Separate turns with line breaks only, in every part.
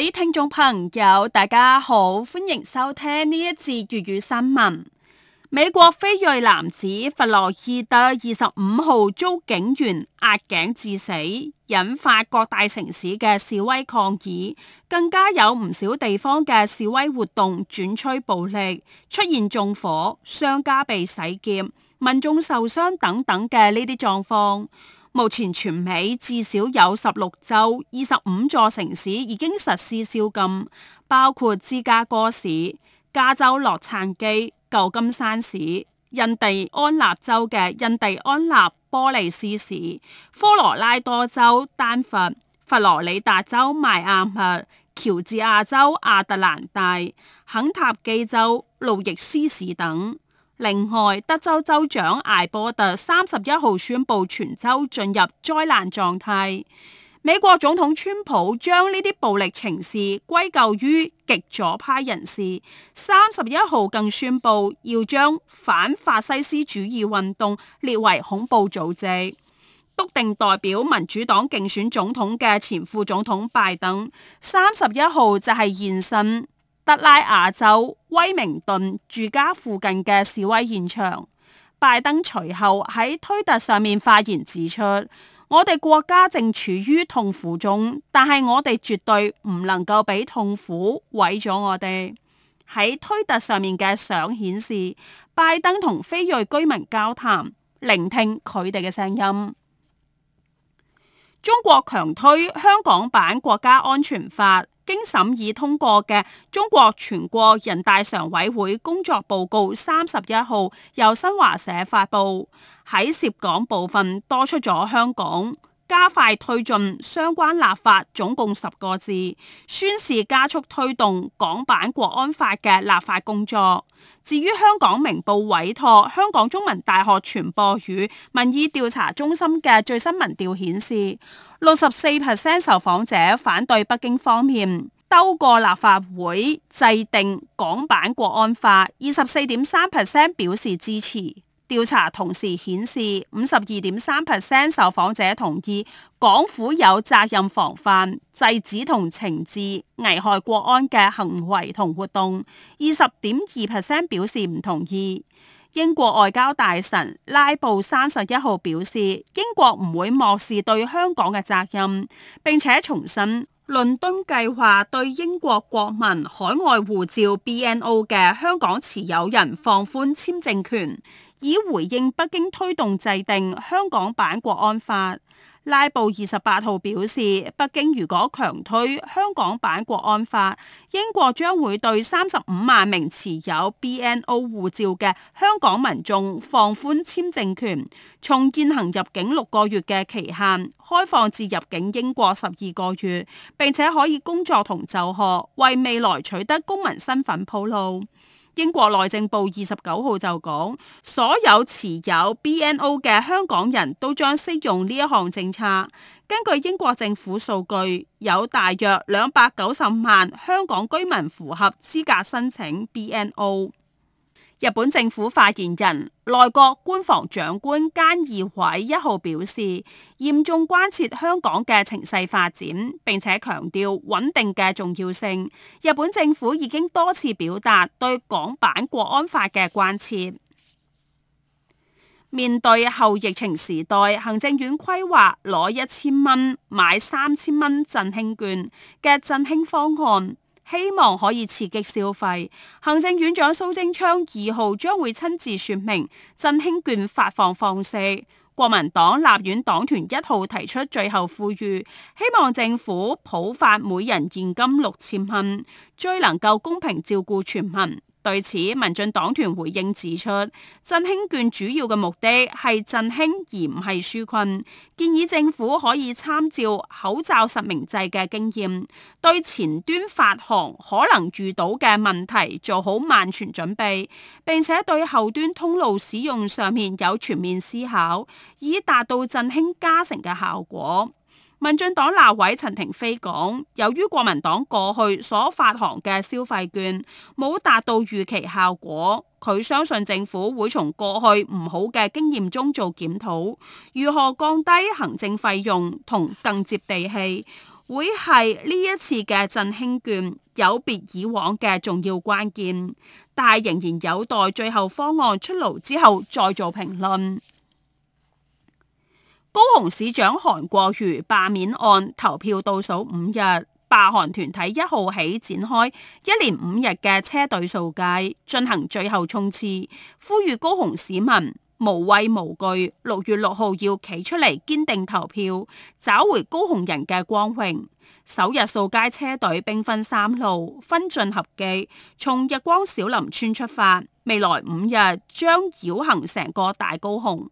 各位聽眾朋友，大家好，歡迎收聽呢一節粵語新聞。美國非裔男子弗洛伊德二十五號遭警員壓頸致死，引發各大城市嘅示威抗議，更加有唔少地方嘅示威活動轉趨暴力，出現縱火、商家被洗劫、民眾受傷等等嘅呢啲狀況。目前全美至少有十六州、二十五座城市已經實施宵禁，包括芝加哥市、加州洛杉磯、舊金山市、印第安納州嘅印第安納波利斯市、科羅拉多州丹佛、佛羅里達州邁阿密、喬治亞州亞特蘭大、肯塔基州路易斯市等。另外，德州州長艾波特三十一號宣布全州進入災難狀態。美國總統川普將呢啲暴力情事歸咎於極左派人士。三十一號更宣布要將反法西斯主義運動列為恐怖組織。篤定代表民主黨競選總統嘅前副總統拜登，三十一號就係現身德拉瓦州威明頓住家附近嘅示威現場，拜登隨後喺推特上面發言指出，我哋國家正處於痛苦中，但係我哋絕對唔能夠俾痛苦毀咗我哋。喺推特上面嘅相顯示，拜登同非裔居民交談，聆聽佢哋嘅聲音。中國強推香港版國家安全法。經審議通過嘅中國全國人大常委會工作報告三十一號，由新華社發布，喺涉港部分多出咗香港。加快推進相關立法，總共十個字宣示加速推動港版國安法嘅立法工作。至於香港明報委託香港中文大學傳播與民意調查中心嘅最新民調顯示，六十四 percent 受訪者反對北京方面兜過立法會制定港版國安法，二十四點三 percent 表示支持。調查同時顯示，五十二點三 percent 受訪者同意港府有責任防範制止同懲治危害國安嘅行為同活動，二十點二 percent 表示唔同意。英國外交大臣拉布三十一號表示，英國唔會漠視對香港嘅責任，並且重申倫敦計劃對英國國民海外護照 BNO 嘅香港持有人放寬簽證權。以回應北京推動制定香港版國安法，拉布二十八號表示，北京如果強推香港版國安法，英國將會對三十五萬名持有 BNO 護照嘅香港民眾放寬簽證權，從現行入境六個月嘅期限開放至入境英國十二個月，並且可以工作同就學，為未來取得公民身份鋪路。英國內政部二十九號就講，所有持有 BNO 嘅香港人都將適用呢一項政策。根據英國政府數據，有大約兩百九十萬香港居民符合資格申請 BNO。日本政府發言人、內閣官房長官菅義偉一號表示，嚴重關切香港嘅情勢發展，並且強調穩定嘅重要性。日本政府已經多次表達對港版國安法嘅關切。面對後疫情時代，行政院規劃攞一千蚊買三千蚊振興券嘅振興方案。希望可以刺激消費。行政院長蘇貞昌二號將會親自説明振興券發放方式。國民黨立院黨團一號提出最後呼籲，希望政府普發每人現金六千蚊，最能夠公平照顧全民。對此，民進黨團回應指出，振興券主要嘅目的係振興而唔係紓困，建議政府可以參照口罩實名制嘅經驗，對前端發行可能遇到嘅問題做好萬全準備，並且對後端通路使用上面有全面思考，以達到振興加成嘅效果。民進黨立委陳亭妃講，由於國民黨過去所發行嘅消費券冇達到預期效果，佢相信政府會從過去唔好嘅經驗中做檢討，如何降低行政費用同更接地氣，會係呢一次嘅振興券有別以往嘅重要關鍵。但仍然有待最後方案出爐之後再做評論。高雄市長韓國瑜罷免案投票倒數五日，罷韓團體一號起展開一連五日嘅車隊掃街，進行最後衝刺，呼籲高雄市民無畏無懼，六月六號要企出嚟堅定投票，找回高雄人嘅光榮。首日掃街車隊兵分三路，分進合擊，從日光小林村出發，未來五日將繞行成個大高雄。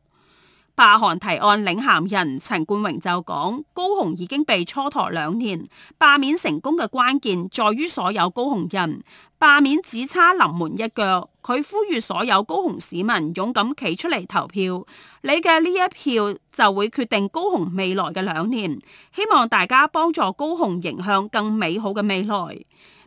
罷韓提案領銜人陳冠榮就講：高雄已經被蹉跎兩年，罷免成功嘅關鍵在於所有高雄人，罷免只差臨門一腳。佢呼籲所有高雄市民勇敢企出嚟投票，你嘅呢一票就會決定高雄未來嘅兩年。希望大家幫助高雄迎向更美好嘅未來。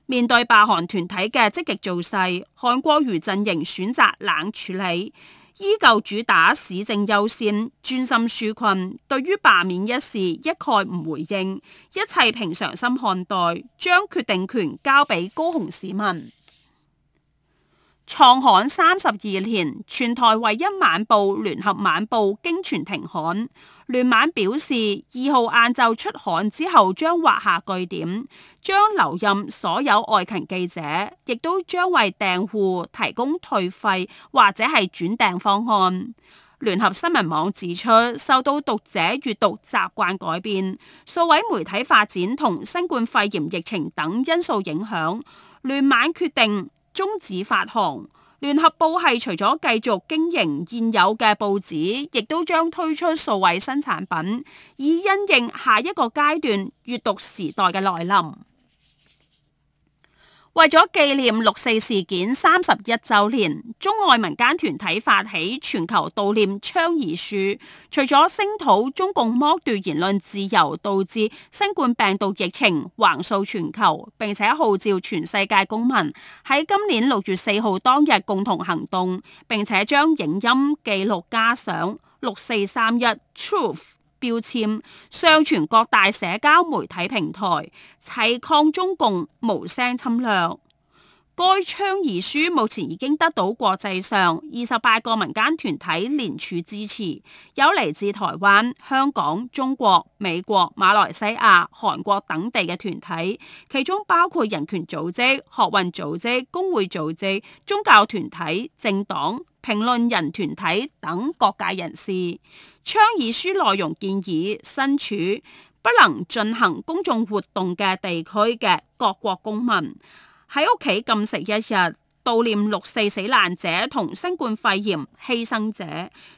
面對罷韓團體嘅積極造勢，韓國瑜陣營選擇冷處理。.依舊主打市政優先，專心紓困。對於罷免一事，一概唔回應，一切平常心看待，將決定權交俾高雄市民。創刊三十二年，全台唯一晚報《聯合晚報》經全停刊。聯晚表示，二號晏晝出刊之後將畫下句點，將留任所有外勤記者，亦都將為訂戶提供退費或者係轉訂方案。聯合新聞網指出，受到讀者閱讀習慣改變、數位媒體發展同新冠肺炎疫情等因素影響，聯晚決定。中止發行。聯合報系除咗繼續經營現有嘅報紙，亦都將推出數位新產品，以因應下一個階段閱讀時代嘅來臨。為咗紀念六四事件三十一周年，中外民間團體發起全球悼念倡議書，除咗聲討中共剝奪言論自由，導致新冠病毒疫情橫掃全球，並且號召全世界公民喺今年六月四號當日共同行動，並且將影音記錄加上六四三一 Truth。標籤上傳各大社交媒體平台，齊抗中共無聲侵略。該倡議書目前已經得到國際上二十八個民間團體聯署支持，有嚟自台灣、香港、中國、美國、馬來西亞、韓國等地嘅團體，其中包括人權組織、學運組織、工會組織、宗教團體、政黨、評論人團體等各界人士。倡議書內容建議身處不能進行公眾活動嘅地區嘅各國公民，喺屋企禁食一日，悼念六四死難者同新冠肺炎犧牲者，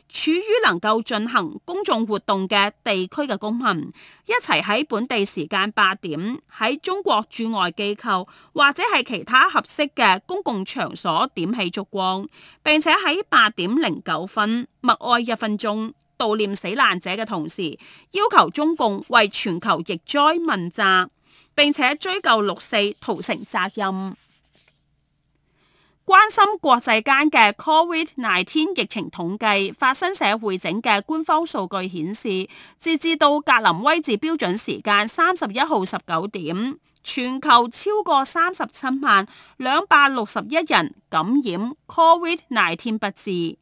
處於能夠進行公眾活動嘅地區嘅公民，一齊喺本地時間八點喺中國駐外機構或者係其他合適嘅公共場所點起燭光，並且喺八點零九分默哀一分鐘，悼念死難者嘅同時，要求中共為全球疫災問責。並且追究六四屠城責任。關心國際間嘅 Covid 19疫情統計，法新社會整嘅官方數據顯示，截至到格林威治標準時間三十一號十九點，全球超過三十七萬兩百六十一人感染 Covid 19不治，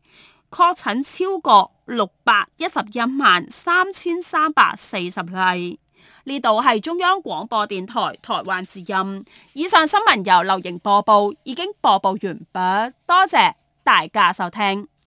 確診超過六百一十一萬三千三百四十例。呢度係中央廣播電台台灣之音。以上新聞由劉瑩播報，已經播報完畢，多謝大家收聽。